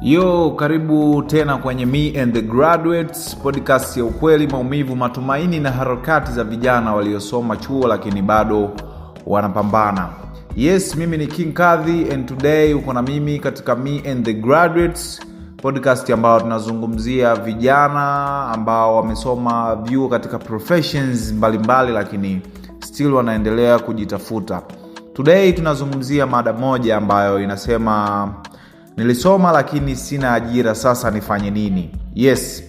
yo karibu tena kwenye Me and the Graduates, podcast ya ukweli, maumivu, matumaini na harakati za vijana waliosoma chuo lakini bado wanapambana. Yes, mimi ni King Kadhi and today uko na mimi katika Me and the Graduates podcast ambayo tunazungumzia vijana ambao wamesoma vyuo katika professions mbalimbali mbali, lakini still wanaendelea kujitafuta. Today tunazungumzia mada moja ambayo inasema nilisoma lakini sina ajira, sasa nifanye nini? Yes,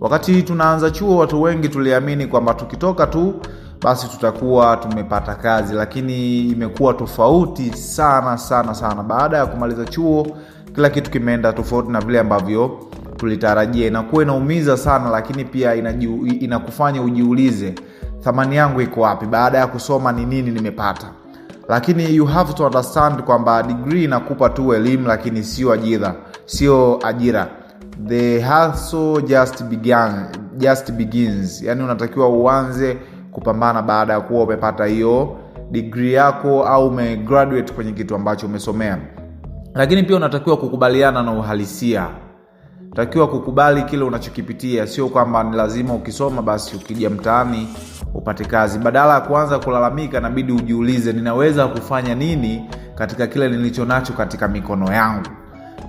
wakati tunaanza chuo watu wengi tuliamini kwamba tukitoka tu basi tutakuwa tumepata kazi, lakini imekuwa tofauti sana sana sana. Baada ya kumaliza chuo, kila kitu kimeenda tofauti na vile ambavyo tulitarajia. Inakuwa inaumiza sana, lakini pia inakufanya ujiulize thamani yangu iko wapi? Baada ya kusoma ni nini nimepata? lakini you have to understand kwamba degree inakupa tu elimu lakini sio ajira sio ajira the hustle just began, just begins yani unatakiwa uanze kupambana baada ya kuwa umepata hiyo degree yako au umegraduate kwenye kitu ambacho umesomea lakini pia unatakiwa kukubaliana na uhalisia takiwa kukubali kile unachokipitia, sio kwamba ni lazima ukisoma basi ukija mtaani upate kazi. Badala ya kuanza kulalamika, nabidi ujiulize, ninaweza kufanya nini katika kile nilicho nacho katika mikono yangu.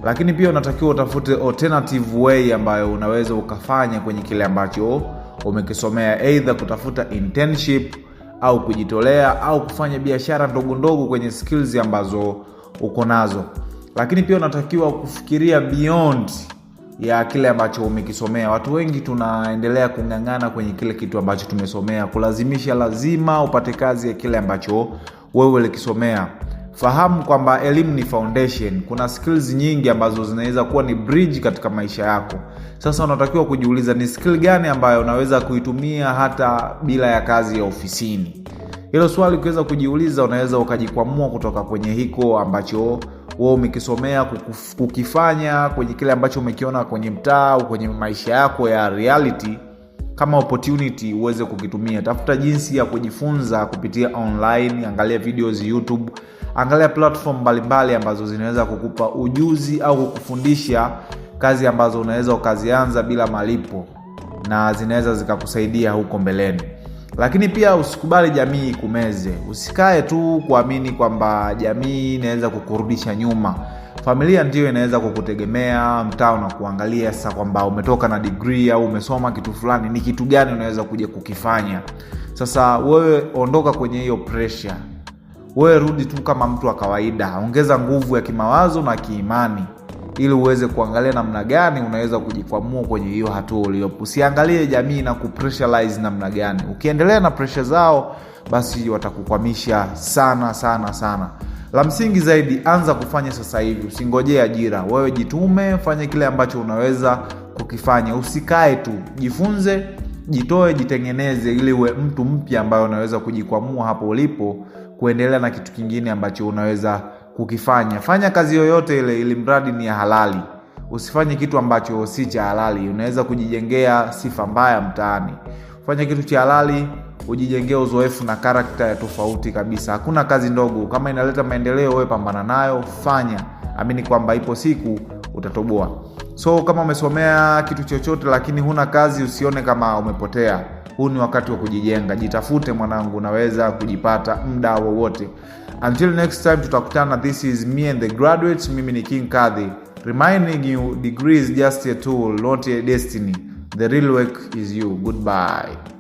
Lakini pia unatakiwa utafute alternative way ambayo unaweza ukafanya kwenye kile ambacho umekisomea, aidha kutafuta internship au kujitolea au kufanya biashara ndogo ndogo kwenye skills ambazo uko nazo. Lakini pia unatakiwa kufikiria beyond ya kile ambacho umekisomea watu wengi tunaendelea kung'ang'ana kwenye kile kitu ambacho tumesomea kulazimisha lazima upate kazi ya kile ambacho wewe ulikisomea fahamu kwamba elimu ni foundation kuna skills nyingi ambazo zinaweza kuwa ni bridge katika maisha yako sasa unatakiwa kujiuliza ni skill gani ambayo unaweza kuitumia hata bila ya kazi ya ofisini hilo swali ukiweza kujiuliza unaweza ukajikwamua kutoka kwenye hiko ambacho wewe umekisomea kukifanya kwenye kile ambacho umekiona kwenye mtaa au kwenye maisha yako ya reality kama opportunity uweze kukitumia tafuta jinsi ya kujifunza kupitia online angalia videos youtube angalia platform mbalimbali ambazo zinaweza kukupa ujuzi au kukufundisha kazi ambazo unaweza ukazianza bila malipo na zinaweza zikakusaidia huko mbeleni lakini pia usikubali jamii ikumeze. Usikae tu kuamini kwamba jamii inaweza kukurudisha nyuma. Familia ndiyo inaweza kukutegemea, mtaa unakuangalia sasa kwamba umetoka na dgr au umesoma kitu fulani, ni kitu gani unaweza kuja kukifanya? Sasa wewe ondoka kwenye hiyo presha wewe rudi tu kama mtu wa kawaida, ongeza nguvu ya kimawazo na kiimani ili uweze kuangalia namna gani unaweza kujikwamua kwenye hiyo hatua uliopo. Usiangalie jamii na kupressurize namna gani. Ukiendelea na pressure zao, basi watakukwamisha sana sana sana. La msingi zaidi, anza kufanya sasa hivi, usingojee ajira. Wewe jitume, fanye kile ambacho unaweza kukifanya, usikae tu. Jifunze, jitoe, jitengeneze, ili uwe mtu mpya ambaye unaweza kujikwamua hapo ulipo, kuendelea na kitu kingine ambacho unaweza kukifanya. Fanya kazi yoyote ile, ili mradi ni ya halali. Usifanye kitu ambacho si cha halali, unaweza kujijengea sifa mbaya mtaani. Fanya kitu cha halali, ujijengee uzoefu na karakta ya tofauti kabisa. Hakuna kazi ndogo, kama inaleta maendeleo wewe pambana nayo, fanya. Amini kwamba ipo siku utatoboa. So kama umesomea kitu chochote lakini huna kazi, usione kama umepotea. Huu ni wakati wa kujijenga. Jitafute mwanangu, unaweza kujipata muda wowote. Until next time tutakutana. This is me and the graduates. Mimi ni King Kadhi reminding you degree is just a tool, not a destiny. The real work is you. Goodbye.